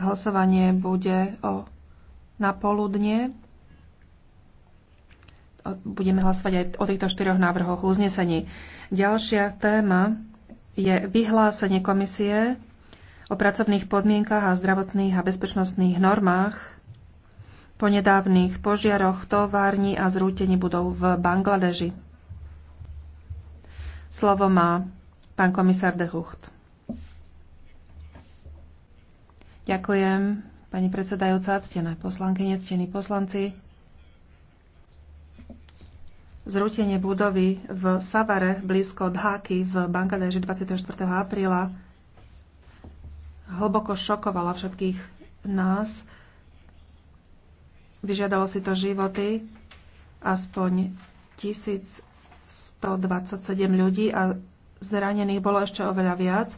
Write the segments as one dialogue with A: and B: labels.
A: Hlasovanie bude o na poludne. Budeme hlasovať aj o týchto štyroch návrhoch uznesení. Ďalšia téma je vyhlásenie komisie o pracovných podmienkach a zdravotných a bezpečnostných normách po nedávnych požiaroch tovární a zrútení budov v Bangladeži. Slovo má pán komisár de Hucht. Ďakujem, pani predsedajúca, ctené poslankyne, ctení poslanci. Zrútenie budovy v Savare blízko Dháky v Bangladeži 24. apríla hlboko šokovala všetkých nás. Vyžiadalo si to životy aspoň 1127 ľudí a zranených bolo ešte oveľa viac.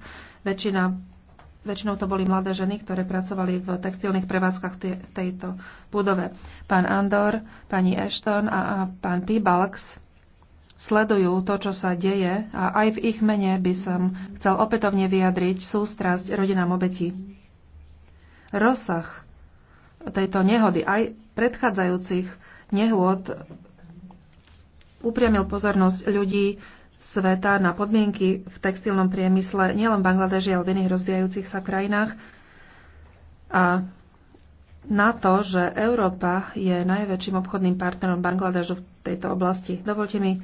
A: Väčšina Väčšinou to boli mladé ženy, ktoré pracovali v textilných prevádzkach v tejto budove. Pán Andor, pani Ashton a, a pán Balks sledujú to, čo sa deje a aj v ich mene by som chcel opätovne vyjadriť sústrasť rodinám obetí. Rozsah tejto nehody aj predchádzajúcich nehôd upriamil pozornosť ľudí sveta na podmienky v textilnom priemysle nielen v Bangladeži, ale v iných rozvíjajúcich sa krajinách. A na to, že Európa je najväčším obchodným partnerom Bangladežu v tejto oblasti. Dovolte mi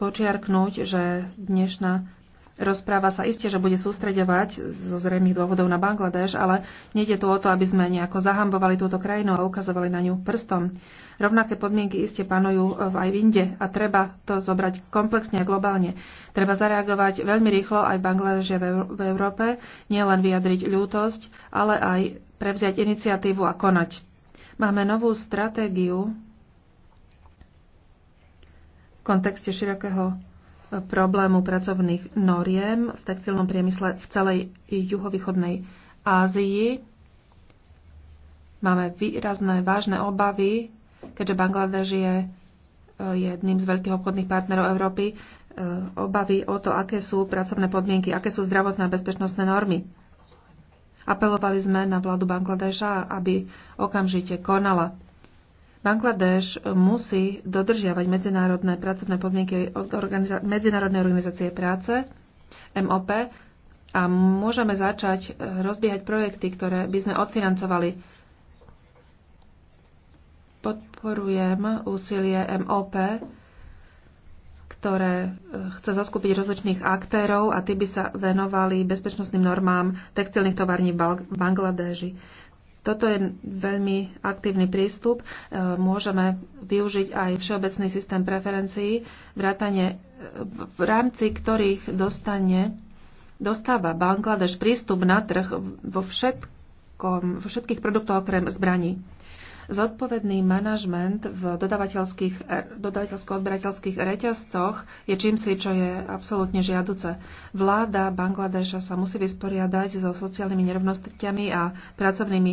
A: počiarknúť, že dnešná Rozpráva sa iste, že bude sústreďovať zo zrejmých dôvodov na Bangladeš, ale nejde tu o to, aby sme nejako zahambovali túto krajinu a ukazovali na ňu prstom. Rovnaké podmienky iste panujú aj v Inde a treba to zobrať komplexne a globálne. Treba zareagovať veľmi rýchlo aj v Bangladeže v Európe, nielen vyjadriť ľútosť, ale aj prevziať iniciatívu a konať. Máme novú stratégiu v kontexte širokého problému pracovných noriem v textilnom priemysle v celej juhovýchodnej Ázii. Máme výrazné, vážne obavy, keďže Bangladeš je eh, jedným z veľkých obchodných partnerov Európy, eh, obavy o to, aké sú pracovné podmienky, aké sú zdravotné a bezpečnostné normy. Apelovali sme na vládu Bangladeša, aby okamžite konala. Bangladeš musí dodržiavať medzinárodné pracovné podmienky organiza- Medzinárodnej organizácie práce, MOP, a môžeme začať eh, rozbiehať projekty, ktoré by sme odfinancovali. Podporujem úsilie MOP, ktoré eh, chce zaskupiť rozličných aktérov a tí by sa venovali bezpečnostným normám textilných tovární v Bangladeži. Toto je veľmi aktívny prístup. E, môžeme využiť aj všeobecný systém preferencií, vrátane, v rámci ktorých dostane, dostáva Bangladeš prístup na trh vo, všetkom, vo všetkých produktoch okrem zbraní. Zodpovedný manažment v e, dodavateľsko-odberateľských reťazcoch je čímsi, čo je absolútne žiaduce. Vláda Bangladeša sa musí vysporiadať so sociálnymi nerovnostiami a pracovnými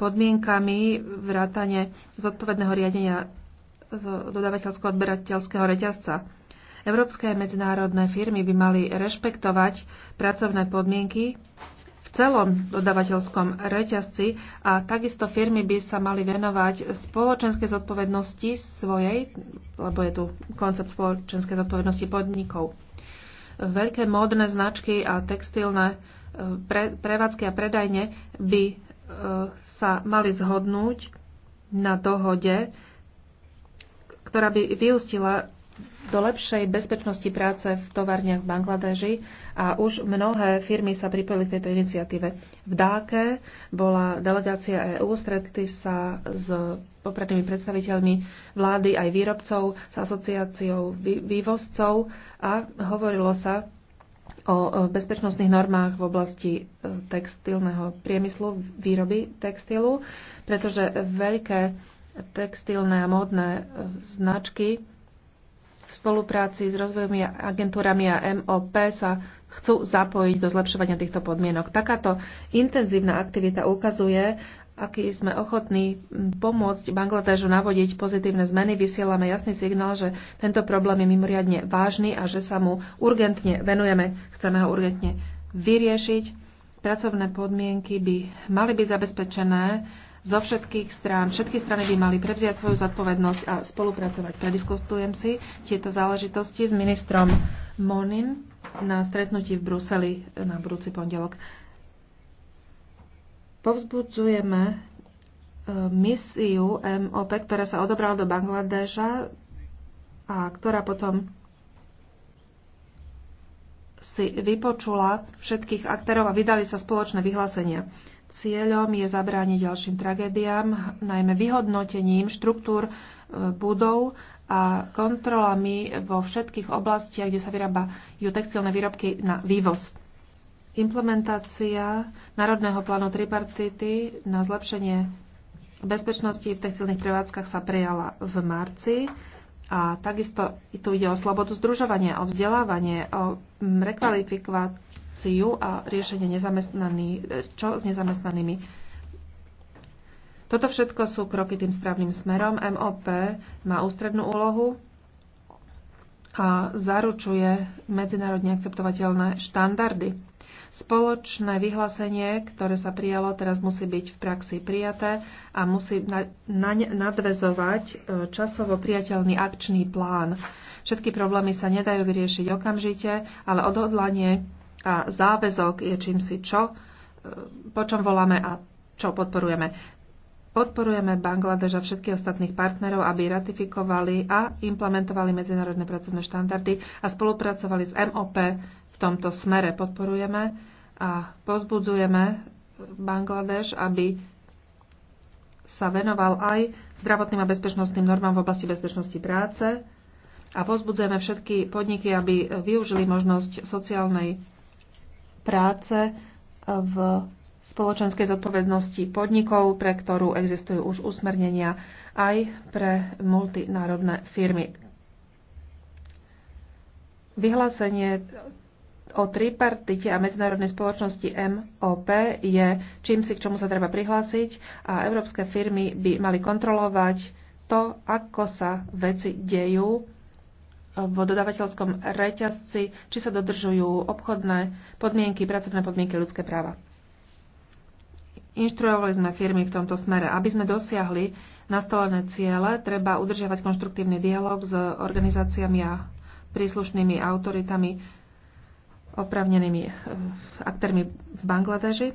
A: podmienkami vrátane zodpovedného riadenia dodavateľsko-odberateľského reťazca. Európske medzinárodné firmy by mali rešpektovať pracovné podmienky celom dodavateľskom reťazci a takisto firmy by sa mali venovať spoločenskej zodpovednosti svojej, lebo je tu koncept spoločenskej zodpovednosti podnikov. Veľké módne značky a textilné e, pre, prevádzky a predajne by e, sa mali zhodnúť na dohode, ktorá by vyústila do lepšej bezpečnosti práce v továrniach v Bangladeži a už mnohé firmy sa pripojili k tejto iniciatíve. V Dáke bola delegácia EÚ, stretli sa s poprednými predstaviteľmi vlády aj výrobcov, s asociáciou vývozcov a hovorilo sa o bezpečnostných normách v oblasti e, textilného priemyslu, výroby textilu, pretože veľké textilné a módne e, značky spolupráci s rozvojovými agentúrami a MOP sa chcú zapojiť do zlepšovania týchto podmienok. Takáto intenzívna aktivita ukazuje, aký sme ochotní pomôcť Bangladežu navodiť pozitívne zmeny. Vysielame jasný signál, že tento problém je mimoriadne vážny a že sa mu urgentne venujeme. Chceme ho urgentne vyriešiť. Pracovné podmienky by mali byť zabezpečené zo všetkých strán. Všetky strany by mali prevziať svoju zodpovednosť a spolupracovať. Prediskutujem si tieto záležitosti s ministrom Monim na stretnutí v Bruseli na budúci pondelok. Povzbudzujeme eh, misiu MOP, ktorá sa odobrala do Bangladeža a ktorá potom si vypočula všetkých aktérov a vydali sa spoločné vyhlásenia. Cieľom je zabrániť ďalším tragédiám, najmä vyhodnotením štruktúr e, budov a kontrolami vo všetkých oblastiach, kde sa vyrábajú textilné výrobky na vývoz. Implementácia Národného plánu tripartity na zlepšenie bezpečnosti v textilných prevádzkach sa prejala v marci a takisto tu ide o slobodu združovania, o vzdelávanie, o rekvalifikovanie rekonštrukciu a riešenie e, čo s nezamestnanými. Toto všetko sú kroky tým správnym smerom. MOP má ústrednú úlohu a zaručuje medzinárodne akceptovateľné štandardy. Spoločné vyhlásenie, ktoré sa prijalo, teraz musí byť v praxi prijaté a musí na, na, nadvezovať e, časovo priateľný akčný plán. Všetky problémy sa nedajú vyriešiť okamžite, ale odhodlanie a záväzok je čímsi, čo, e, po čom voláme a čo podporujeme. Podporujeme Bangladeš a všetkých ostatných partnerov, aby ratifikovali a implementovali medzinárodné pracovné štandardy a spolupracovali s MOP v tomto smere. Podporujeme a pozbudzujeme Bangladeš, aby sa venoval aj zdravotným a bezpečnostným normám v oblasti bezpečnosti práce a pozbudzujeme všetky podniky, aby využili možnosť sociálnej práce eh, v spoločenskej zodpovednosti podnikov, pre ktorú existujú už usmernenia aj pre multinárodné firmy. Vyhlásenie o tripartite a medzinárodnej spoločnosti MOP je čím si, k čomu sa treba prihlásiť a európske firmy by mali kontrolovať to, ako sa veci dejú v dodavateľskom reťazci, či sa dodržujú obchodné podmienky, pracovné podmienky, ľudské práva. Inštruovali sme firmy v tomto smere. Aby sme dosiahli nastolené ciele, treba udržiavať konštruktívny dialog s organizáciami a príslušnými autoritami, opravnenými eh, aktérmi v Bangladeži.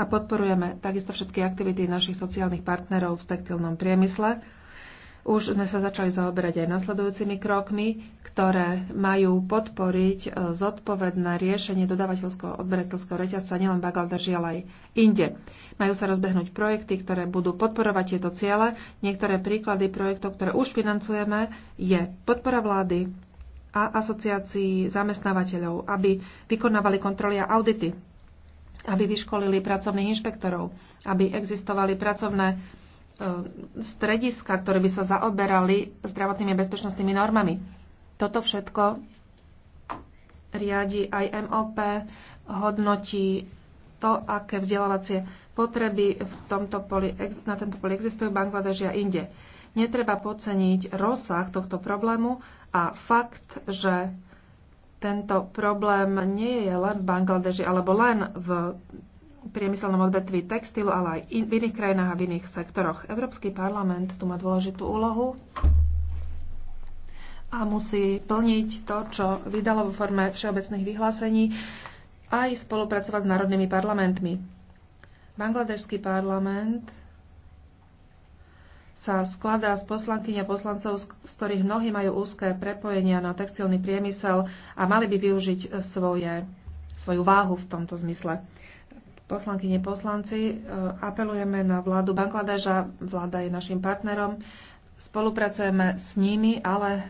A: A podporujeme takisto všetky aktivity našich sociálnych partnerov v textilnom priemysle, už sme sa začali zaoberať aj nasledujúcimi krokmi, ktoré majú podporiť e, zodpovedné riešenie dodávateľského odberateľského reťazca nielen v Bangladeži, ale aj inde. Majú sa rozbehnúť projekty, ktoré budú podporovať tieto ciele. Niektoré príklady projektov, ktoré už financujeme, je podpora vlády a asociácií zamestnávateľov, aby vykonávali kontroly a audity, aby vyškolili pracovných inšpektorov, aby existovali pracovné E, strediska, ktoré by sa zaoberali zdravotnými bezpečnostnými normami. Toto všetko riadi aj MOP, hodnotí to, aké vzdelávacie potreby v tomto poli, na tomto poli existujú v Bangladeži a inde. Netreba podceniť rozsah tohto problému a fakt, že tento problém nie je len v Bangladeži alebo len v priemyselnom odvetví textilu, ale aj in, v iných krajinách a v iných sektoroch. Európsky parlament tu má dôležitú úlohu a musí plniť to, čo vydalo vo forme všeobecných vyhlásení, aj spolupracovať s národnými parlamentmi. Bangladešský parlament sa skladá z poslankyň a poslancov, z ktorých mnohí majú úzke prepojenia na textilný priemysel a mali by využiť svoje, svoju váhu v tomto zmysle. Poslankyne, poslanci, e, apelujeme na vládu Bangladeža, vláda je našim partnerom, spolupracujeme s nimi, ale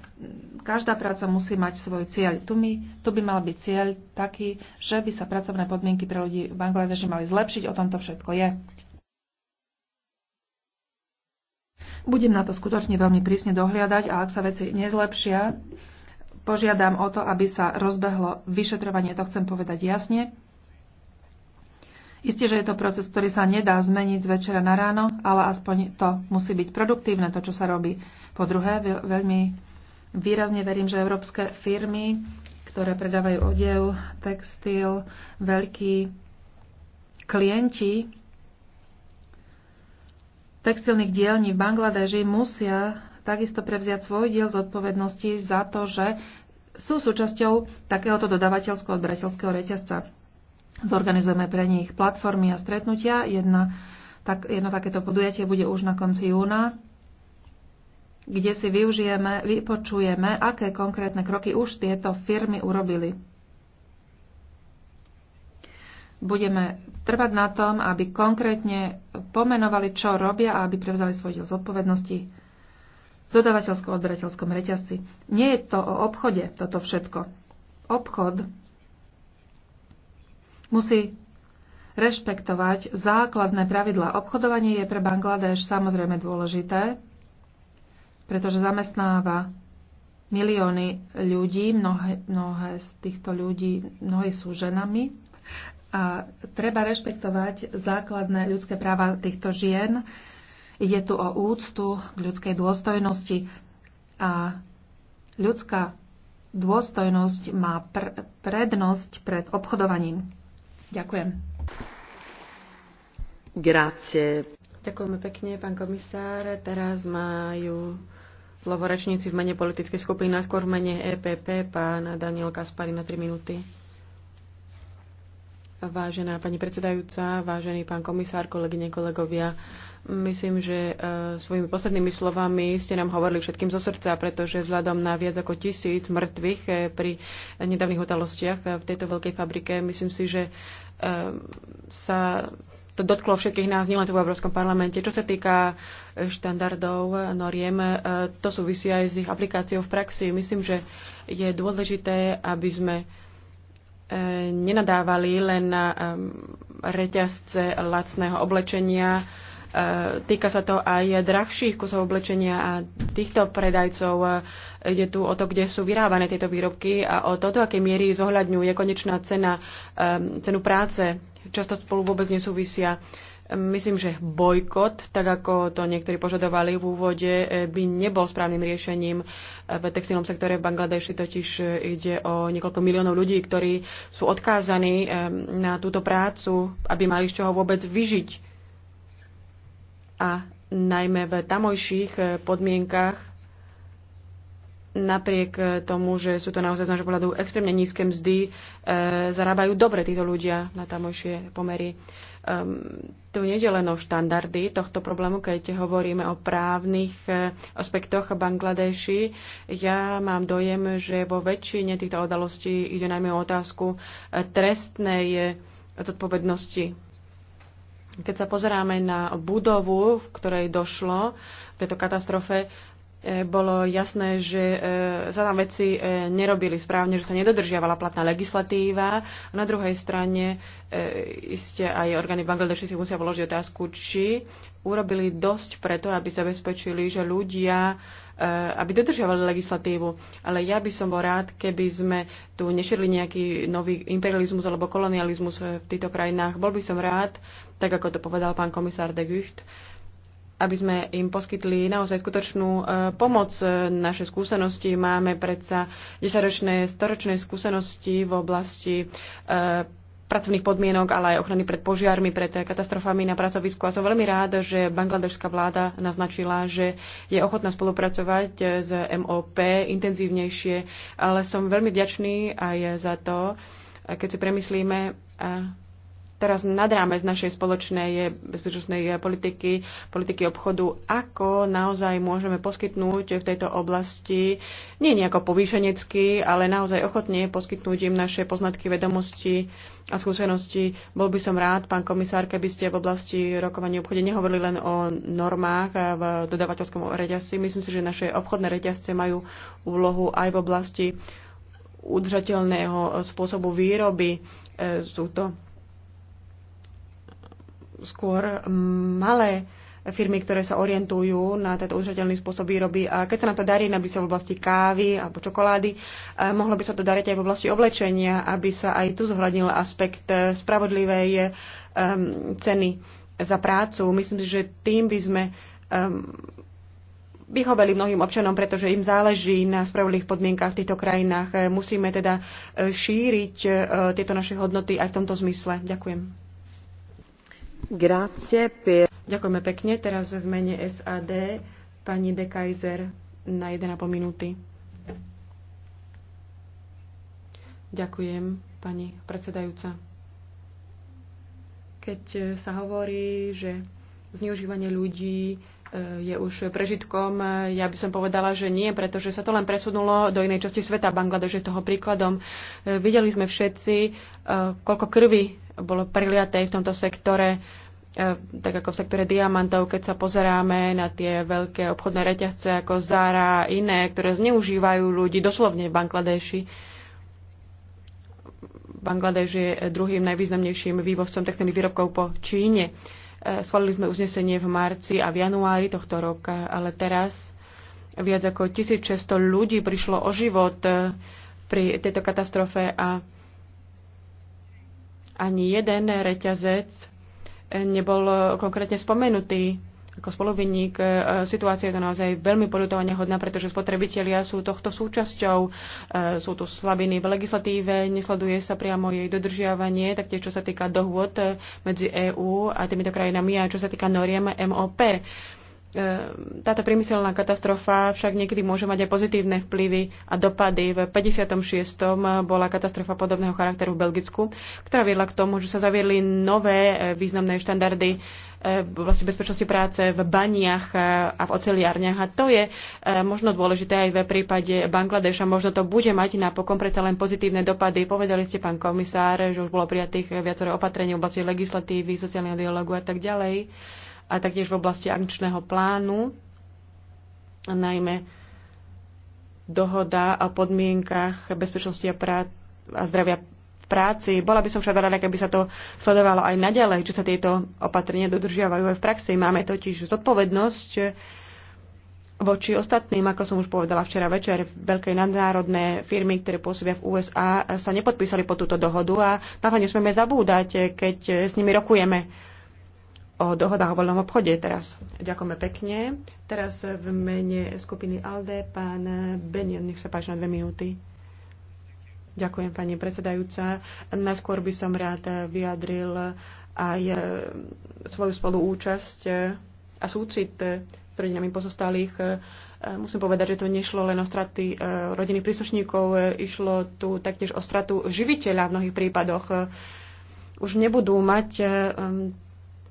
A: každá práca musí mať svoj cieľ. Tu, my, tu by mal byť cieľ taký, že by sa pracovné podmienky pre ľudí v Bangladeži mali zlepšiť, o tom to všetko je. Budem na to skutočne veľmi prísne dohliadať a ak sa veci nezlepšia, požiadam o to, aby sa rozbehlo vyšetrovanie, to chcem povedať jasne Isté, že je to proces, ktorý sa nedá zmeniť z večera na ráno, ale aspoň to musí byť produktívne, to, čo sa robí. Po druhé, veľmi výrazne verím, že európske firmy, ktoré predávajú odev, textil, veľkí klienti textilných dielní v Bangladeži musia takisto prevziať svoj diel zodpovednosti za to, že sú súčasťou takéhoto dodavateľsko-odberateľského reťazca. Zorganizujeme pre nich platformy a stretnutia. Jedna, tak, jedno takéto podujatie bude už na konci júna, kde si využijeme, vypočujeme, aké konkrétne kroky už tieto firmy urobili. Budeme trvať na tom, aby konkrétne pomenovali, čo robia a aby prevzali svoj diel zodpovednosti v dodavateľsko-odberateľskom reťazci. Nie je to o obchode toto všetko. Obchod musí rešpektovať základné pravidlá. Obchodovanie je pre Bangladeš samozrejme dôležité, pretože zamestnáva milióny ľudí, mnohé, mnohé z týchto ľudí, mnohí sú ženami. A treba rešpektovať základné ľudské práva týchto žien. Ide tu o úctu k ľudskej dôstojnosti. A ľudská dôstojnosť má pr- prednosť pred obchodovaním. Ďakujem.
B: Grácie. Ďakujeme pekne, pán komisár. Teraz majú slovo rečníci v mene politickej skupiny, najskôr v mene EPP, pán Daniel Kaspari na 3 minúty. Vážená pani predsedajúca, vážený pán komisár, kolegyne, kolegovia, Myslím, že e, svojimi poslednými slovami ste nám hovorili všetkým zo srdca, pretože vzhľadom na viac ako tisíc mŕtvych e, pri nedávnych otalostiach e, v tejto veľkej fabrike, myslím si, že sa to dotklo všetkých nás, nielen tu v Európskom parlamente. Čo sa týka štandardov, noriem, to súvisí aj s ich aplikáciou v praxi. Myslím, že je dôležité, aby sme nenadávali len na reťazce lacného oblečenia, E, týka sa to aj drahších kusov oblečenia a týchto predajcov. E, ide tu o to, kde sú vyrábané tieto výrobky a o to, do akej miery zohľadňuje konečná cena, e, cenu práce. Často spolu vôbec nesúvisia. Myslím, že bojkot, tak ako to niektorí požadovali v úvode, by nebol správnym riešením. V textilnom sektore v Bangladeši totiž ide o niekoľko miliónov ľudí, ktorí sú odkázaní na túto prácu, aby mali z čoho vôbec vyžiť a najmä v tamojších e, podmienkach, napriek e, tomu, že sú to naozaj z nášho pohľadu extrémne nízke mzdy, e, zarábajú dobre títo ľudia na tamojšie pomery. Um, tu nie je len o štandardy tohto problému, keď hovoríme o právnych e, aspektoch Bangladeši. Ja mám dojem, že vo väčšine týchto udalostí ide najmä o otázku e, trestnej zodpovednosti keď sa pozeráme na budovu, v ktorej došlo v tejto katastrofe, bolo jasné, že e, sa tam veci e, nerobili správne, že sa nedodržiavala platná legislatíva. A na druhej strane e, iste aj orgány Bangladeši si musia položiť otázku, či urobili dosť preto, aby zabezpečili, že ľudia aby dodržiavali legislatívu. Ale ja by som bol rád, keby sme tu nešerli nejaký nový imperializmus alebo kolonializmus v týchto krajinách. Bol by som rád, tak ako to povedal pán komisár de Gucht, aby sme im poskytli naozaj skutočnú e, pomoc. E, naše skúsenosti máme predsa desaťročné, storočné skúsenosti v oblasti e, pracovných podmienok, ale aj ochrany pred požiarmi, pred katastrofami na pracovisku. A som veľmi rád, že bangladežská vláda naznačila, že je ochotná spolupracovať s MOP intenzívnejšie, ale som veľmi vďačný aj za to, keď si premyslíme teraz nad rámec našej spoločnej eh, bezpečnostnej eh, politiky, politiky obchodu, ako naozaj môžeme poskytnúť v tejto oblasti, nie nejako povýšenecky, ale naozaj ochotne poskytnúť im naše poznatky, vedomosti a skúsenosti. Bol by som rád, pán komisár, keby ste v oblasti rokovania obchode nehovorili len o normách eh, v dodavateľskom reťazci. Myslím si, že naše obchodné reťazce majú úlohu aj v oblasti udržateľného spôsobu výroby. Sú to skôr malé firmy, ktoré sa orientujú na tento udržateľný spôsob výroby. A keď sa nám to darí, aby sa v oblasti kávy alebo čokolády, eh, mohlo by sa to dariť aj v oblasti oblečenia, aby sa aj tu zohľadnil aspekt eh, spravodlivej um, ceny za prácu. Myslím si, že tým by sme um, vyhoveli mnohým občanom, pretože im záleží na spravodlivých podmienkách v týchto krajinách. Musíme teda šíriť tieto naše hodnoty aj v tomto zmysle. Ďakujem. Per... Ďakujeme pekne. Teraz v mene SAD pani De Kaiser na 1,5 minúty. Ďakujem, pani predsedajúca. Keď sa hovorí, že zneužívanie ľudí je už prežitkom. Ja by som povedala, že nie, pretože sa to len presunulo do inej časti sveta. Bangladeš je toho príkladom. E, videli sme všetci, e, koľko krvi bolo priliatej v tomto sektore e, tak ako v sektore diamantov, keď sa pozeráme na tie veľké obchodné reťazce ako Zara a iné, ktoré zneužívajú ľudí doslovne v Bangladeši. Bangladeš je druhým najvýznamnejším vývozcom textilných výrobkov po Číne. Uh, Schválili sme uznesenie v marci a v januári tohto roka, ale teraz viac ako 1600 ľudí prišlo o život e, pri tejto katastrofe a ani jeden reťazec e, nebol e, konkrétne spomenutý ako spoluvinník. E, situácia je to naozaj veľmi poľutovania hodná, pretože spotrebitelia sú tohto súčasťou. E, sú tu slabiny v legislatíve, nesleduje sa priamo jej dodržiavanie, taktiež čo sa týka dohôd e, medzi EÚ a týmito krajinami a čo sa týka noriem MOP. Ehm, táto priemyselná katastrofa však niekedy môže mať aj pozitívne vplyvy a dopady. V 56. bola katastrofa podobného charakteru v Belgicku, ktorá viedla k tomu, že sa zaviedli nové e, významné štandardy e, vlastne bezpečnosti práce v baniach e, a v oceliárniach. A to je možno dôležité aj v prípade Bangladeša. Možno to bude mať napokon predsa len pozitívne dopady. Povedali ste, pán komisár, že už bolo prijatých viacero opatrení v oblasti legislatívy, sociálneho dialogu a tak ďalej a taktiež v oblasti akčného plánu, najmä dohoda o podmienkach bezpečnosti a, prá- a zdravia v práci. Bola by som však rada, keby sa to sledovalo aj naďalej, či sa tieto opatrenia dodržiavajú aj v praxi. Máme totiž zodpovednosť voči ostatným, ako som už povedala včera večer, veľké nadnárodné firmy, ktoré pôsobia v USA, sa nepodpísali po túto dohodu a na to nesmieme zabúdať, keď s nimi rokujeme o dohodách o voľnom obchode teraz. Ďakujeme pekne. Teraz v mene skupiny ALDE pán Benien, nech sa páči na dve minúty. Ďakujem, pani predsedajúca. Najskôr by som rád vyjadril aj e, svoju spoluúčasť e, a súcit e, s rodinami pozostalých. Musím povedať, že to nešlo len o straty rodiny príslušníkov, išlo tu taktiež o stratu živiteľa v mnohých prípadoch. Už nebudú mať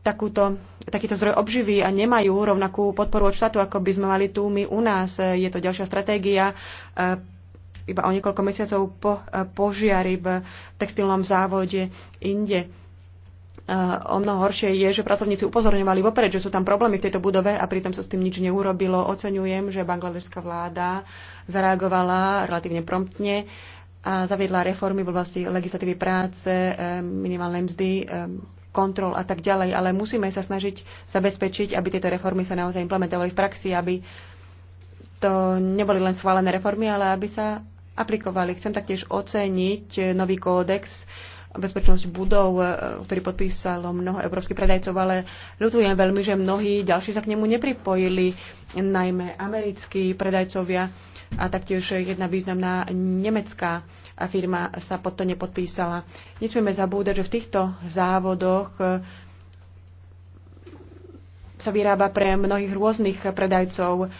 B: takúto, takýto zdroj obživy a nemajú rovnakú podporu od štátu, ako by sme mali tu my u nás. Je to ďalšia stratégia e, iba o niekoľko mesiacov po e, požiari v textilnom závode inde. E, o mnoho horšie je, že pracovníci upozorňovali vopred, že sú tam problémy v tejto budove a pritom sa s tým nič neurobilo. Oceňujem, že bangladešská vláda zareagovala relatívne promptne a zaviedla reformy v oblasti legislatívy práce, minimálnej mzdy, kontrol a tak ďalej, ale musíme sa snažiť zabezpečiť, aby tieto reformy sa naozaj implementovali v praxi, aby to neboli len schválené reformy, ale aby sa aplikovali. Chcem taktiež oceniť nový kódex bezpečnosť budov, e, ktorý podpísalo mnoho európskych predajcov, ale ľutujem veľmi, že mnohí ďalší sa k nemu nepripojili, najmä americkí predajcovia a taktiež jedna významná nemecká a firma sa pod to nepodpísala. Nesmieme zabúdať, že v týchto závodoch e, sa vyrába pre mnohých rôznych predajcov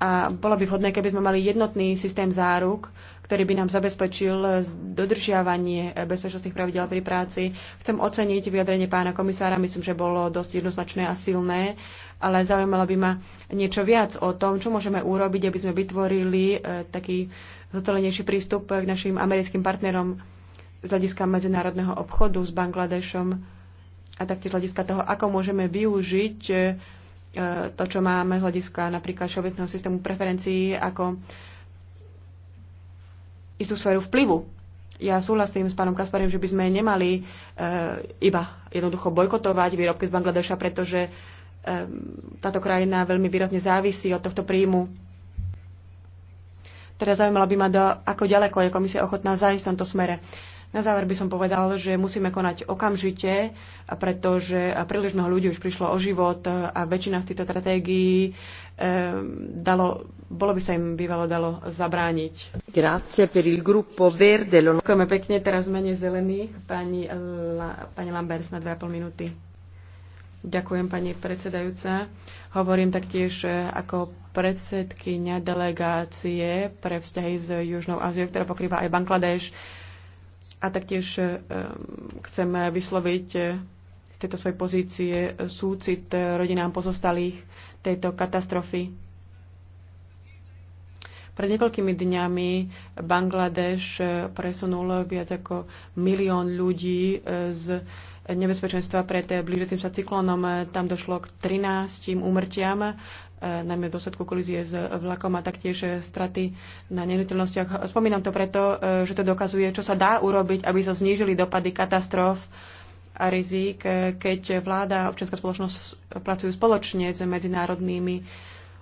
B: a bolo by vhodné, keby sme mali jednotný systém záruk, ktorý by nám zabezpečil dodržiavanie bezpečnostných pravidel pri práci. Chcem oceniť vyjadrenie pána komisára, myslím, že bolo dosť jednoznačné a silné ale zaujímalo by ma niečo viac o tom, čo môžeme urobiť, aby sme vytvorili e, taký zotelenejší prístup k našim americkým partnerom z hľadiska medzinárodného obchodu s Bangladešom a taktiež z hľadiska toho, ako môžeme využiť e, e, to, čo máme z hľadiska napríklad všeobecného systému preferencií ako istú sféru vplyvu. Ja súhlasím s pánom Kasparim, že by sme nemali e, iba jednoducho bojkotovať výrobky z Bangladeša, pretože Ehm, táto krajina veľmi výrazne závisí od tohto príjmu. Teda zaujímalo by ma, do, ako ďaleko je komisia ochotná zájsť v tomto smere. Na záver by som povedal, že musíme konať okamžite, pretože príliš mnoho ľudí už prišlo o život a väčšina z týchto stratégií ehm, dalo, bolo by sa im bývalo dalo zabrániť. Grazie per il gruppo verde. Ďakujeme pekne, teraz mene zelených. Pani, eh, la, pani Lambert, na 2,5 minúty. Ďakujem, pani predsedajúca. Hovorím taktiež e, ako predsedkynia delegácie pre vzťahy s Južnou Áziou, ktorá pokrýva aj Bangladeš. A taktiež e, e, chcem vysloviť z tejto svojej pozície súcit rodinám pozostalých tejto katastrofy. Pred niekoľkými dňami Bangladeš presunul viac ako milión ľudí z nebezpečenstva pred blížiacim sa cyklónom. Tam došlo k 13 úmrtiam, e, najmä v dôsledku kolízie s vlakom a taktiež straty na nehnuteľnostiach. Spomínam to preto, e, že to dokazuje, čo sa dá urobiť, aby sa znížili dopady katastrof a rizik, e, keď vláda a občianská spoločnosť pracujú spoločne s medzinárodnými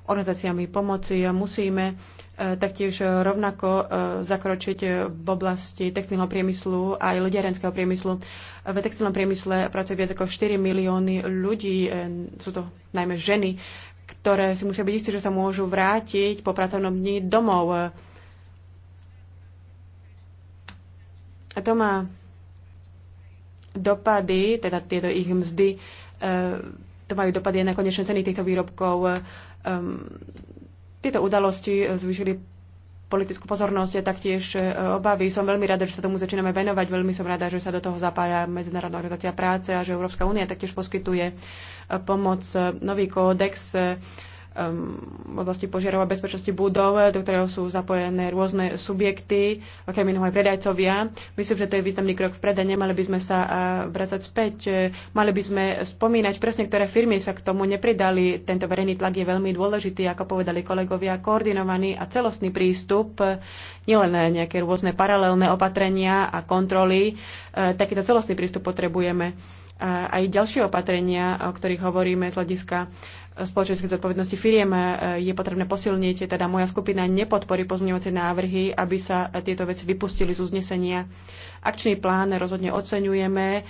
B: organizáciami pomoci. Musíme e, taktiež rovnako e, zakročiť v oblasti textilného priemyslu aj ľudiarenského priemyslu. V textilnom priemysle pracuje viac ako 4 milióny ľudí, e, sú to najmä ženy, ktoré si musia byť istí, že sa môžu vrátiť po pracovnom dni domov. A to má dopady, teda tieto ich mzdy, to majú dopady na konečné ceny týchto výrobkov. Ehm, tieto udalosti eh, zvýšili politickú pozornosť a taktiež eh, obavy. Som veľmi rada, že sa tomu začíname venovať. Veľmi som rada, že sa do toho zapája Medzinárodná organizácia práce a že Európska únia taktiež poskytuje eh, pomoc. Nový kódex Um, v oblasti požiarov a bezpečnosti budov, do ktorého sú zapojené rôzne subjekty, okrem iného aj predajcovia. Myslím, že to je významný krok vpred a nemali by sme sa uh, vrácať späť. Mali by sme spomínať presne, ktoré firmy sa k tomu nepridali. Tento verejný tlak je veľmi dôležitý, ako povedali kolegovia, koordinovaný a celostný prístup, nielen nejaké rôzne paralelné opatrenia a kontroly. Uh, takýto celostný prístup potrebujeme aj ďalšie opatrenia, o ktorých hovoríme z hľadiska spoločenskej zodpovednosti firiem e, je potrebné posilniť. Teda moja skupina nepodporí pozmeňovacie návrhy, aby sa tieto veci vypustili z uznesenia. Akčný plán rozhodne oceňujeme, e,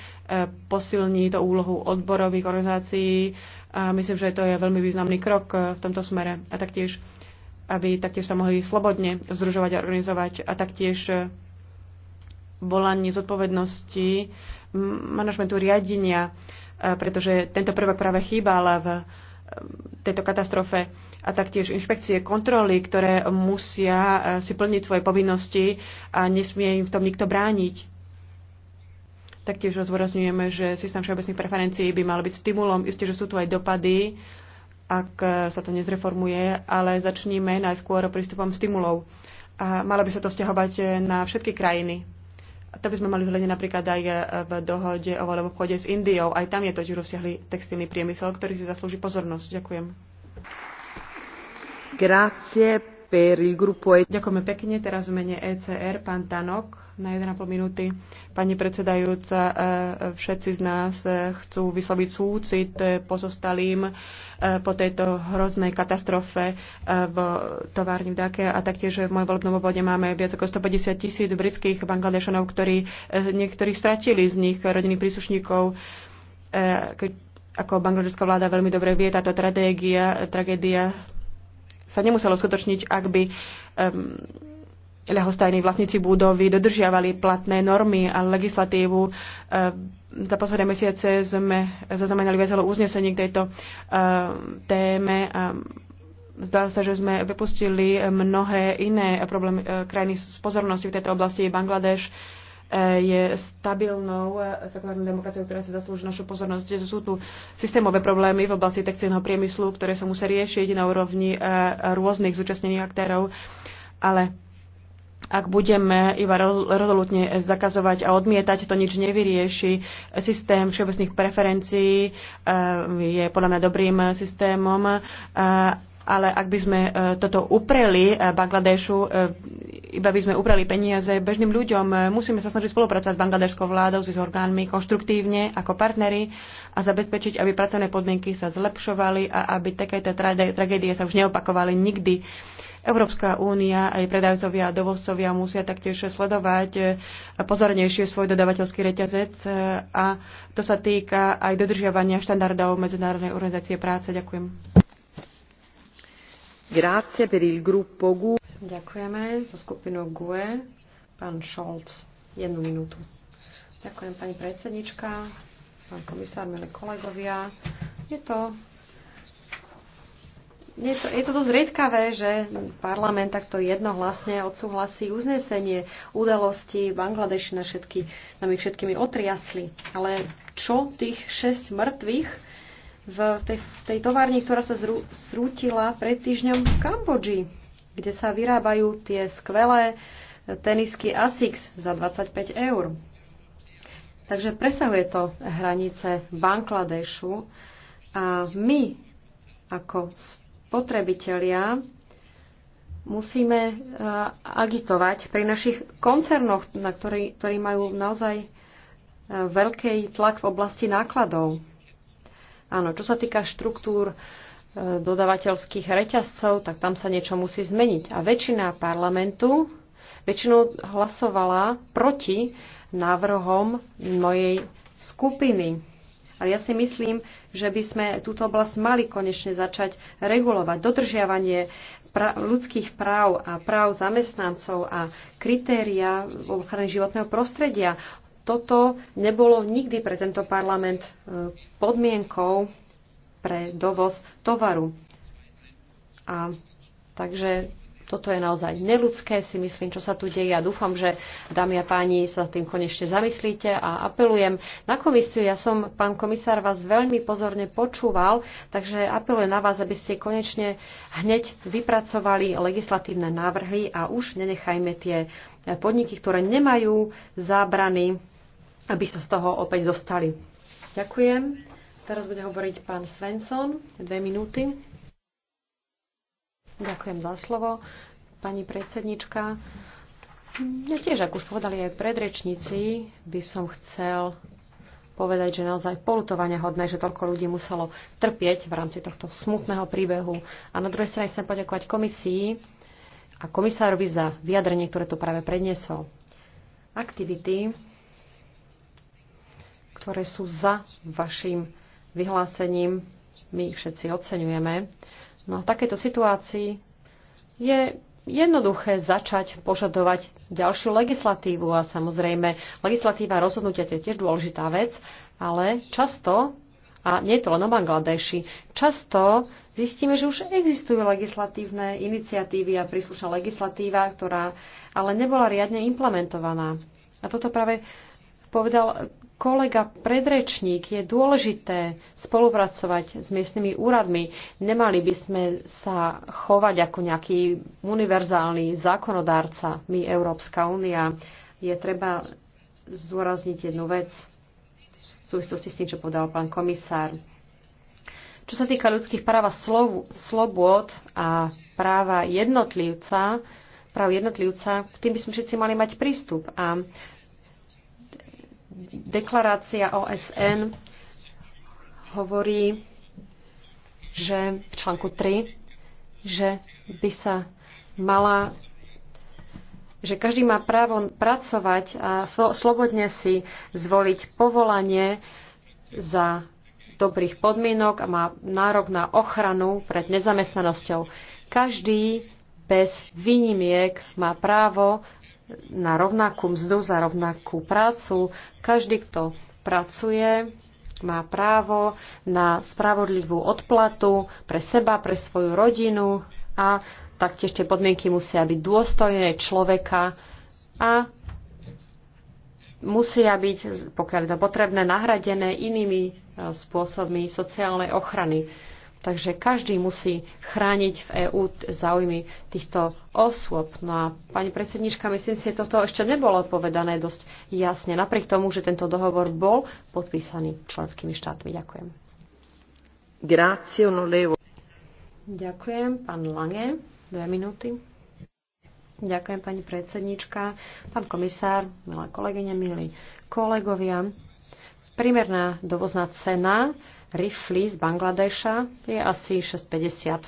B: posilní to úlohu odborových organizácií a myslím, že to je veľmi významný krok e, v tomto smere. A taktiež, aby taktiež sa mohli slobodne združovať a organizovať a taktiež volanie zodpovednosti manažmentu riadenia pretože tento prvok práve chýbal v tejto katastrofe a taktiež inšpekcie kontroly, ktoré musia eh, si plniť svoje povinnosti a nesmie im v tom nikto brániť. Taktiež rozvorazňujeme, že systém všeobecných preferencií by mal byť stimulom. Isté, že sú tu aj dopady, ak eh, sa to nezreformuje, ale začníme najskôr prístupom stimulov. A malo by sa to stiahovať eh, na všetky krajiny to by sme mali zhľadne napríklad aj e, v dohode o voľovom obchode s Indiou. Aj tam je to, že rozsiahli textilný priemysel, ktorý si zaslúži pozornosť. Ďakujem. Grazie per il gruppo... E- Ďakujeme pekne. Teraz v mene ECR, pán Tanok na 1,5 minúty. Pani predsedajúca, e, všetci z nás e, chcú vysloviť súcit e, pozostalým po tejto hroznej katastrofe v továrni v Dake a taktiež v mojom volebnom obvode máme viac ako 150 tisíc britských bangladešanov, ktorí niektorých stratili z nich rodinných príslušníkov ako bangladešská vláda veľmi dobre vie, táto tragédia, tragédia sa nemusela uskutočniť, ak by um, ľahostajní vlastníci budovy dodržiavali platné normy a legislatívu. E, za posledné mesiace sme zaznamenali viacero uznesení k tejto e, téme a zdá sa, že sme vypustili mnohé iné problémy e, krajiny z pozornosti v tejto oblasti. Bangladeš je stabilnou sekulárnou demokraciou, ktorá si zaslúži našu pozornosť. Sú tu systémové problémy v oblasti textilného priemyslu, ktoré sa musia riešiť na úrovni rôznych zúčastnených aktérov, ale ak budeme iba rozhodnutne zakazovať a odmietať, to nič nevyrieši. Systém všeobecných preferencií eh, je podľa mňa dobrým systémom, eh, ale ak by sme eh, toto upreli Bangladešu, iba by sme upreli peniaze bežným ľuďom, musíme sa snažiť spolupracovať s bangladešskou vládou, s orgánmi konštruktívne ako partnery a zabezpečiť, aby pracovné podmienky sa zlepšovali a aby takéto tragédie sa už neopakovali nikdy. Európska únia, aj predajcovia a dovozcovia musia taktiež sledovať eh, pozornejšie svoj dodavateľský reťazec eh, a to sa týka aj dodržiavania štandardov Medzinárodnej organizácie práce. Ďakujem. Grazie
C: per il gruppo GU. Ďakujeme so skupinou GUE. Pán Scholz, jednu minútu. Ďakujem pani predsednička, pán komisár, milí kolegovia. Je to je to, je to dosť riedkavé, že parlament takto jednohlasne odsúhlasí uznesenie udalosti Bangladeši na všetky, nami všetkými otriasli. Ale čo tých 6 mŕtvych v tej, v tej továrni, ktorá sa zrú, zrútila pred týždňom v Kambodži, kde sa vyrábajú tie skvelé tenisky ASICS za 25 eur. Takže presahuje to hranice Bangladešu a my ako spotrebitelia musíme e, agitovať pri našich koncernoch, na ktorý, ktorí majú naozaj e, veľký tlak v oblasti nákladov. Áno, čo sa týka štruktúr e, dodavateľských reťazcov, tak tam sa niečo musí zmeniť. A väčšina parlamentu väčšinou hlasovala proti návrhom mojej skupiny. Ale ja si myslím, že by sme túto oblasť mali konečne začať regulovať. Dodržiavanie pra- ľudských práv a práv zamestnancov a kritéria ochrany životného prostredia. Toto nebolo nikdy pre tento parlament e, podmienkou pre dovoz tovaru. A takže toto je naozaj neludské, si myslím, čo sa tu deje. Ja dúfam, že dámy a páni sa tým konečne zamyslíte a apelujem na komisiu. Ja som, pán komisár, vás veľmi pozorne počúval, takže apelujem na vás, aby ste konečne hneď vypracovali legislatívne návrhy a už nenechajme tie podniky, ktoré nemajú zábrany, aby sa z toho opäť dostali. Ďakujem. Teraz bude hovoriť pán Svensson, dve minúty. Ďakujem za slovo, pani predsednička. Ja tiež, ako už povedali aj predrečníci, by som chcel povedať, že naozaj polutovania hodné, že toľko ľudí muselo trpieť v rámci tohto smutného príbehu. A na druhej strane chcem poďakovať komisii a komisárovi za vyjadrenie, ktoré tu práve predniesol. Aktivity, ktoré sú za vašim vyhlásením, my ich všetci oceňujeme. No v takejto situácii je jednoduché začať požadovať ďalšiu legislatívu a samozrejme legislatíva rozhodnutia to je tiež dôležitá vec, ale často, a nie je to len o Bangladeši, často zistíme, že už existujú legislatívne iniciatívy a príslušná legislatíva, ktorá ale nebola riadne implementovaná. A toto práve povedal kolega predrečník, je dôležité spolupracovať s miestnymi úradmi. Nemali by sme sa chovať ako nejaký univerzálny zákonodárca, my Európska únia. Je treba zdôrazniť jednu vec v súvislosti s tým, čo podal pán komisár. Čo sa týka ľudských práv a slobod a práva jednotlivca, práv jednotlivca, k tým by sme všetci mali mať prístup. A deklarácia OSN hovorí, že v článku 3, že by sa mala že každý má právo pracovať a slobodne si zvoliť povolanie za dobrých podmienok a má nárok na ochranu pred nezamestnanosťou. Každý bez výnimiek má právo na rovnakú mzdu za rovnakú prácu. Každý, kto pracuje, má právo na spravodlivú odplatu pre seba, pre svoju rodinu a taktiež tie podmienky musia byť dôstojné človeka a musia byť, pokiaľ je to potrebné, nahradené inými e, spôsobmi sociálnej ochrany. Takže každý musí chrániť v EÚ záujmy týchto osôb. No a pani predsednička, myslím si, že toto ešte nebolo povedané dosť jasne, napriek tomu, že tento dohovor bol podpísaný členskými štátmi. Ďakujem. Ďakujem. Pán Lange, dve minúty. Ďakujem, pani predsednička, pán komisár, milé kolegyne, milí kolegovia. Primerná dovozná cena rifli z Bangladeša je asi 6,50.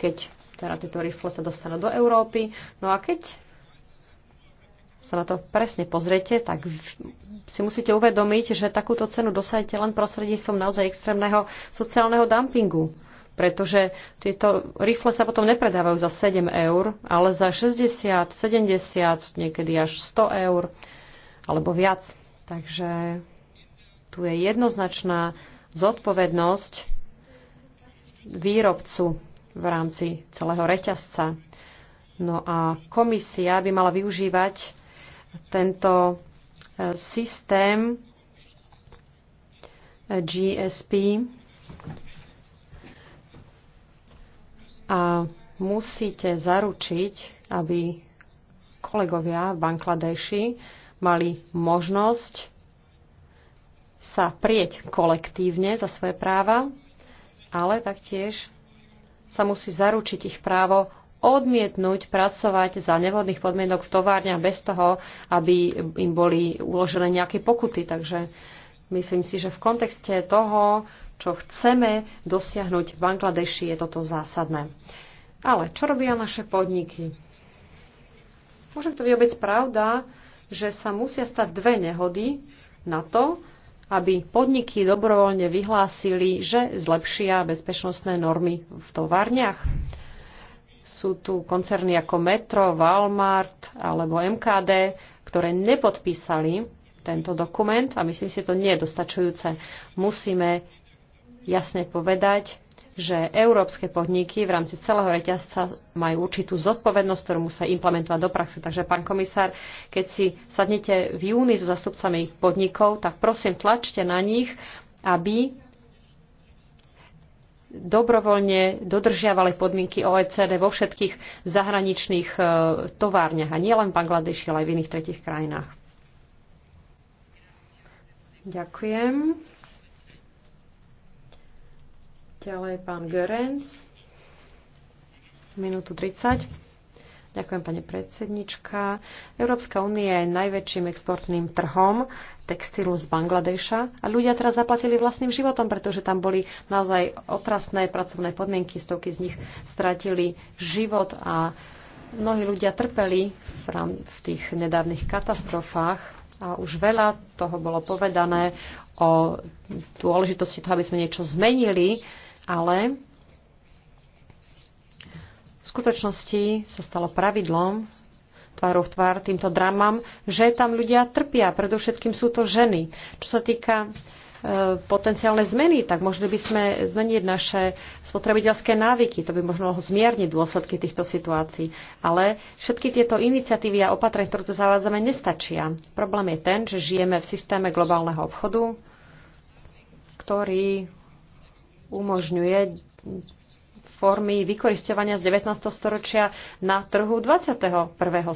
C: Keď teda tieto rifle sa dostanú do Európy. No a keď sa na to presne pozriete, tak si musíte uvedomiť, že takúto cenu dosajete len prostredníctvom naozaj extrémneho sociálneho dumpingu. Pretože tieto rifle sa potom nepredávajú za 7 eur, ale za 60, 70, niekedy až 100 eur alebo viac. Takže tu je jednoznačná zodpovednosť výrobcu v rámci celého reťazca. No a komisia by mala využívať tento e, systém e, GSP a musíte zaručiť, aby kolegovia v Bangladeši mali možnosť sa prieť kolektívne za svoje práva, ale taktiež sa musí zaručiť ich právo odmietnúť pracovať za nevhodných podmienok v továrniach bez toho, aby im boli uložené nejaké pokuty. Takže myslím si, že v kontexte toho, čo chceme dosiahnuť v Bangladeši, je toto zásadné. Ale čo robia naše podniky? Môže to byť obec pravda, že sa musia stať dve nehody na to, aby podniky dobrovoľne vyhlásili, že zlepšia bezpečnostné normy v továrniach. Sú tu koncerny ako Metro, Walmart alebo MKD, ktoré nepodpísali tento dokument a myslím si, že to nie je dostačujúce. Musíme jasne povedať, že európske podniky v rámci celého reťazca majú určitú zodpovednosť, ktorú musia implementovať do praxe. Takže, pán komisár, keď si sadnete v júni so zastupcami podnikov, tak prosím, tlačte na nich, aby dobrovoľne dodržiavali podmienky OECD vo všetkých zahraničných e, továrniach a nielen v Bangladeši, ale aj v iných tretich krajinách. Ďakujem. Ďalej pán Görens. Minútu 30. Ďakujem, pani predsednička. Európska únia je najväčším exportným trhom textilu z Bangladeša a ľudia teraz zaplatili vlastným životom, pretože tam boli naozaj otrasné pracovné podmienky, stovky z nich stratili život a mnohí ľudia trpeli v tých nedávnych katastrofách a už veľa toho bolo povedané o dôležitosti toho, aby sme niečo zmenili ale v skutočnosti sa stalo pravidlom tvárou v tvár týmto dramám, že tam ľudia trpia. Predovšetkým sú to ženy. Čo sa týka e, potenciálne zmeny, tak možno by sme zmeniť naše spotrebiteľské návyky. To by možno zmierniť dôsledky týchto situácií. Ale všetky tieto iniciatívy a opatrenia, ktoré tu zavádzame, nestačia. Problém je ten, že žijeme v systéme globálneho obchodu, ktorý umožňuje formy vykoristovania z 19. storočia na trhu 21.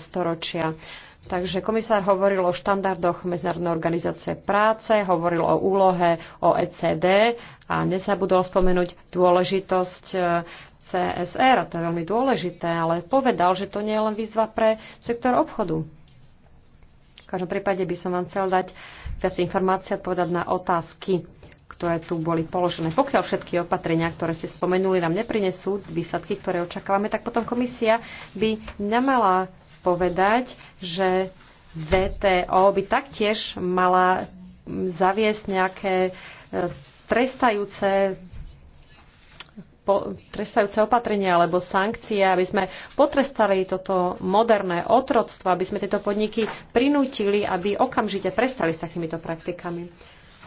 C: storočia. Takže komisár hovoril o štandardoch Medzinárodnej organizácie práce, hovoril o úlohe OECD a nezabudol spomenúť dôležitosť e, CSR, a to je veľmi dôležité, ale povedal, že to nie je len výzva pre sektor obchodu. V každom prípade by som vám chcel dať viac informácií a odpovedať na otázky ktoré tu boli položené. Pokiaľ všetky opatrenia, ktoré ste spomenuli, nám neprinesú výsledky, ktoré očakávame, tak potom komisia by nemala povedať, že VTO by taktiež mala mm, zaviesť nejaké e, trestajúce trestajúce opatrenia alebo sankcie, aby sme potrestali toto moderné otroctvo, aby sme tieto podniky prinútili, aby okamžite prestali s takýmito praktikami.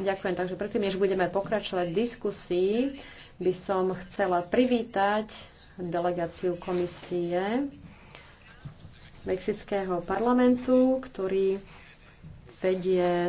B: Ďakujem. Takže predtým,
C: než budeme pokračovať v diskusii, by som chcela privítať delegáciu komisie Mexického parlamentu, ktorý vedie